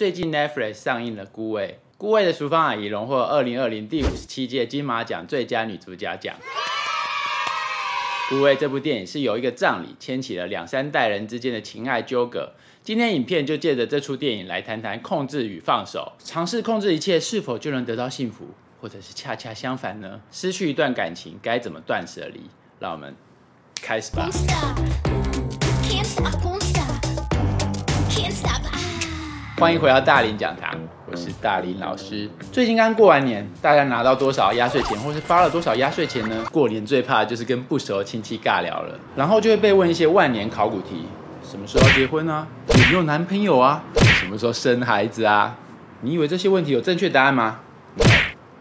最近 Netflix 上映了《孤味》，《孤味》的淑芳阿姨榮獲二零二零第五十七屆金馬獎最佳女主角獎。Hey!《孤味》這部電影是由一個葬禮牽起了兩三代人之間的情愛糾葛。今天影片就借着這齣電影來談談控制與放手，嘗試控制一切是否就能得到幸福，或者是恰恰相反呢？失去一段感情該怎麼斷捨離？讓我們開始吧。Can't stop. Can't stop. 歡迎回到大林講堂，我是大林老師。最近剛過完年，大家拿到多少壓歲錢，或是發了多少壓歲錢呢？過年最怕的就是跟不熟的親戚尬聊了，然後就會被問一些萬年考古題：什麼時候要結婚啊？有沒有男朋友啊？什麼時候生孩子啊？你以為這些問題有正確答案嗎？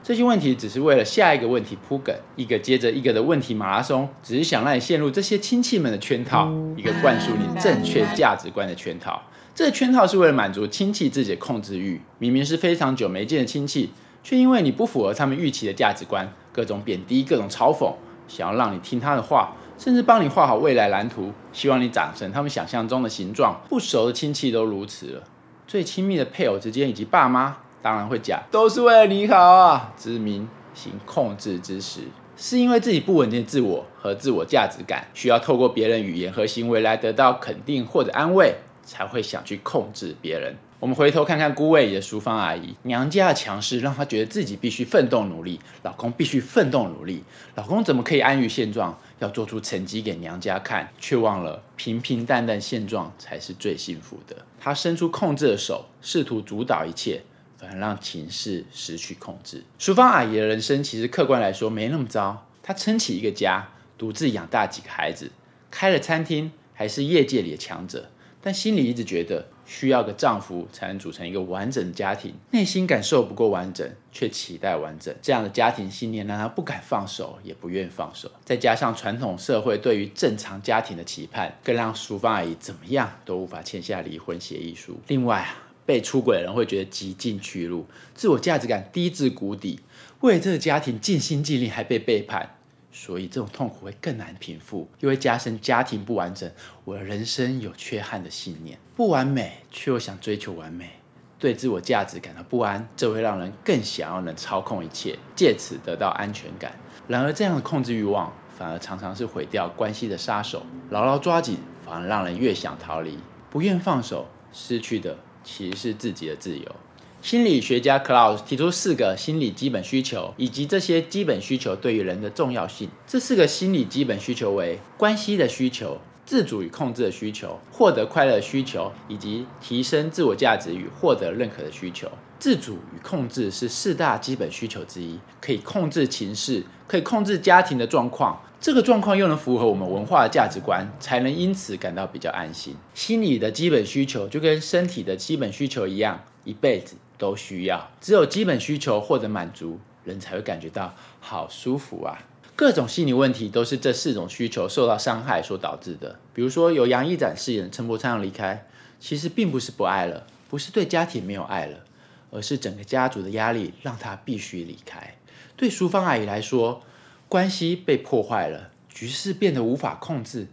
這些問題只是為了下一個問題鋪梗，一個接着一個的問題馬拉松，只是想讓你陷入這些親戚們的圈套，一個灌輸你正確價值觀的圈套。這個圈套是為了滿足親戚自己的控制慾。明明是非常久沒見的親戚，卻因為你不符合他們預期的價值觀，各種貶低，各種嘲諷，想要讓你聽他的話，甚至幫你畫好未來藍圖，希望你長成他們想象中的形狀。不熟的親戚都如此了，最親密的配偶之間以及爸媽。當然會假，都是為了你好啊！之名，行控制之實是因為自己不穩定的自我和自我價值感，需要透過別人語言和行為來得到肯定或者安慰，才會想去控制別人。我們回頭看看孤味裡的淑芳阿姨，娘家的強勢讓她覺得自己必須奮鬥努力，老公必須奮鬥努力。老公怎麼可以安於現狀？要做出成績給娘家看，却忘了平平淡淡現狀才是最幸福的。她伸出控制的手，試圖主導一切。反而讓情勢失去控制。淑芳阿姨的人生其實客觀來說沒那麼糟，她撐起一個家，獨自養大幾個孩子，開了餐廳，還是業界裡的強者。但心裡一直覺得需要個丈夫才能組成一個完整的家庭，內心感受不夠完整，卻期待完整。這樣的家庭信念讓她不敢放手，也不願放手。再加上傳統社會對於正常家庭的期盼，更讓淑芳阿姨怎麼樣都無法簽下離婚協議書。另外啊。被出軌的人會覺得極盡屈辱，自我價值感低至谷底，為了這個家庭盡心盡力還被背叛，所以這種痛苦會更難平復，又會加深家庭不完整。我的人生有缺憾的信念，不完美卻又想追求完美，對自我價值感到不安，這會讓人更想要能操控一切，借此得到安全感。然而，這樣的控制欲望反而常常是毀掉關係的殺手。牢牢抓緊，反而讓人越想逃離，不願放手，失去的。其實是自己的自由。心理學家克勞斯提出四個心理基本需求，以及這些基本需求對於人的重要性。這四個心理基本需求為：關係的需求，自主與控制的需求，獲得快樂的需求，以及提升自我價值與獲得認可的需求。自主與控制是四大基本需求之一，可以控制情勢，可以控制家庭的狀況，這個狀況又能符合我們文化的價值觀，才能因此感到比較安心。心理的基本需求就跟身體的基本需求一樣，一輩子都需要。只有基本需求獲得滿足，人才會感覺到好舒服啊。各種心理問題都是這四種需求受到傷害所導致的。比如說，由楊一展飾演陳伯昌離開，其實並不是不愛了，不是對家庭沒有愛了，而是整個家族的壓力讓他必須離開。對淑芳阿姨來說，關係被破壞了，局勢變得無法控制，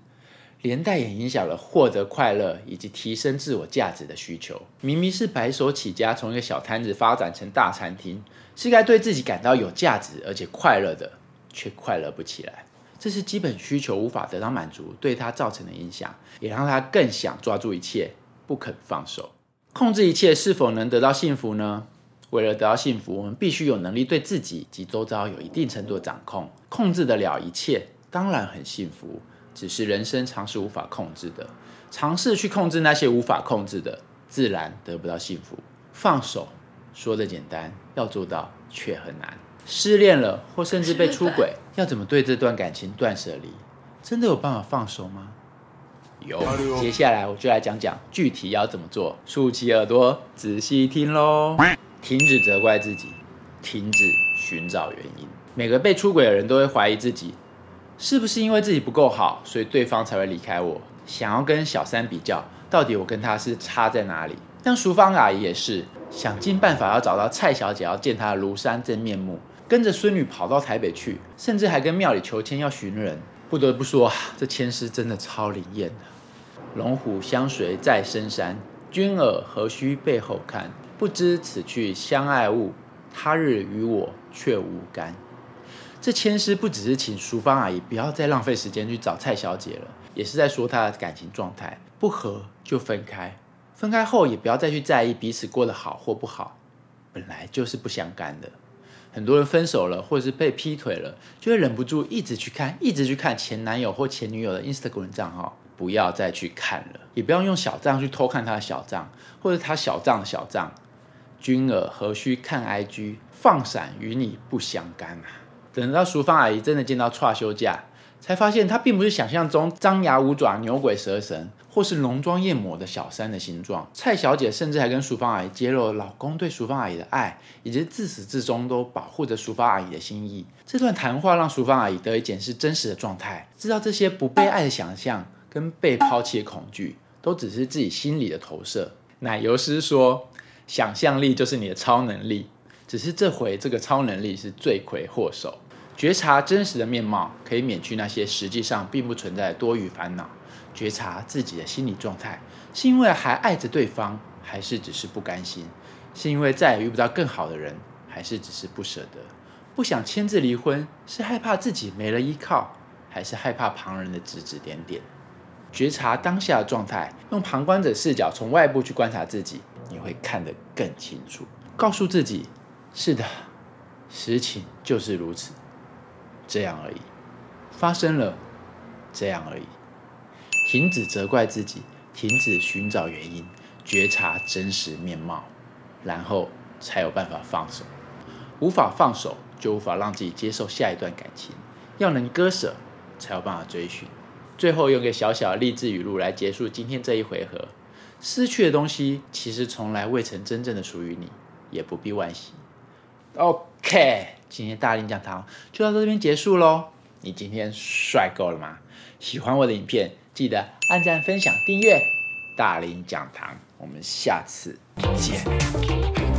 連帶也影響了獲得快樂以及提升自我價值的需求。明明是白手起家，從一個小攤子發展成大餐廳，是該對自己感到有價值而且快樂的。卻快樂不起來，這是基本需求無法得到滿足對她造成的影響，也讓她更想抓住一切，不肯放手。控制一切是否能得到幸福呢？為了得到幸福，我們必須有能力對自己及周遭有一定程度的掌控。控制得了一切，當然很幸福。只是人生常是無法控制的，嘗試去控制那些無法控制的，自然得不到幸福。放手，說的簡單，要做到卻很難。失戀了，或甚至被出軌，要怎麼對這段感情斷捨離？真的有辦法放手嗎？有。接下來我就來講講具體要怎麼做，豎起耳朵仔細聽咯。停止責怪自己，停止尋找原因。每個被出軌的人都會懷疑自己，是不是因為自己不夠好，所以對方才會離開我？想要跟小三比較，到底我跟他是差在哪裡？像淑芳阿姨也是，想盡辦法要找到蔡小姐，要見她的廬山真面目。跟着孫女跑到台北去，甚至還跟廟裡求籤要尋人。不得不說啊，這籤詩真的超靈驗的。龍虎相隨在深山，君爾何須背後看？不知此去相愛悞，他日與我卻無干。這籤詩不只是請淑芳阿姨不要再浪費時間去找蔡小姐了，也是在說她的感情狀態，不合就分開，分開後也不要再去在意彼此過得好或不好，本來就是不相干的。很多人分手了，或者是被劈腿了，就會忍不住一直去看，一直去看前男友或前女友的 Instagram 賬號。不要再去看了，也不要用小賬去偷看他的小賬，或者他小賬的小賬。君爾何須看 IG？放閃與你不相干啊！等到淑芳阿姨真的見到，串休假。才發現，她並不是想象中張牙舞爪、牛鬼蛇神，或是濃妝豔抹的小三的形狀。蔡小姐甚至還跟淑芳阿姨揭露了老公對淑芳阿姨的愛，以及自始至終都保護着淑芳阿姨的心意。這段談話讓淑芳阿姨得以檢視真實的狀態，知道這些不被愛的想象跟被拋棄的恐懼，都只是自己心裡的投射。奶油獅說，想象力就是你的超能力，只是這回這個超能力是罪魁禍首。覺察真實的面貌，可以免去那些實際上並不存在的多餘煩惱。覺察自己的心理狀態，是因為還愛着對方，還是只是不甘心？是因為再也遇不到更好的人，還是只是不捨得？不想簽字離婚，是害怕自己沒了依靠，還是害怕旁人的指指點點？覺察當下的狀態，用旁觀者視角從外部去觀察自己，你會看得更清楚。告訴自己，是的，實情就是如此。這樣而已，發生了，這樣而已。停止責怪自己，停止尋找原因，覺察真實面貌，然後才有辦法放手。無法放手，就無法讓自己接受下一段感情。要能割捨，才有辦法追尋。最後用個小小的勵志語錄來結束今天這一回合：失去的東西，其實從來未曾真正地屬於你，也不必惋惜。OK，今天大林講堂就到這邊結束咯。你今天帥夠了嗎？喜歡我的影片，記得按贊、分享、訂閱大林講堂。我們下次見。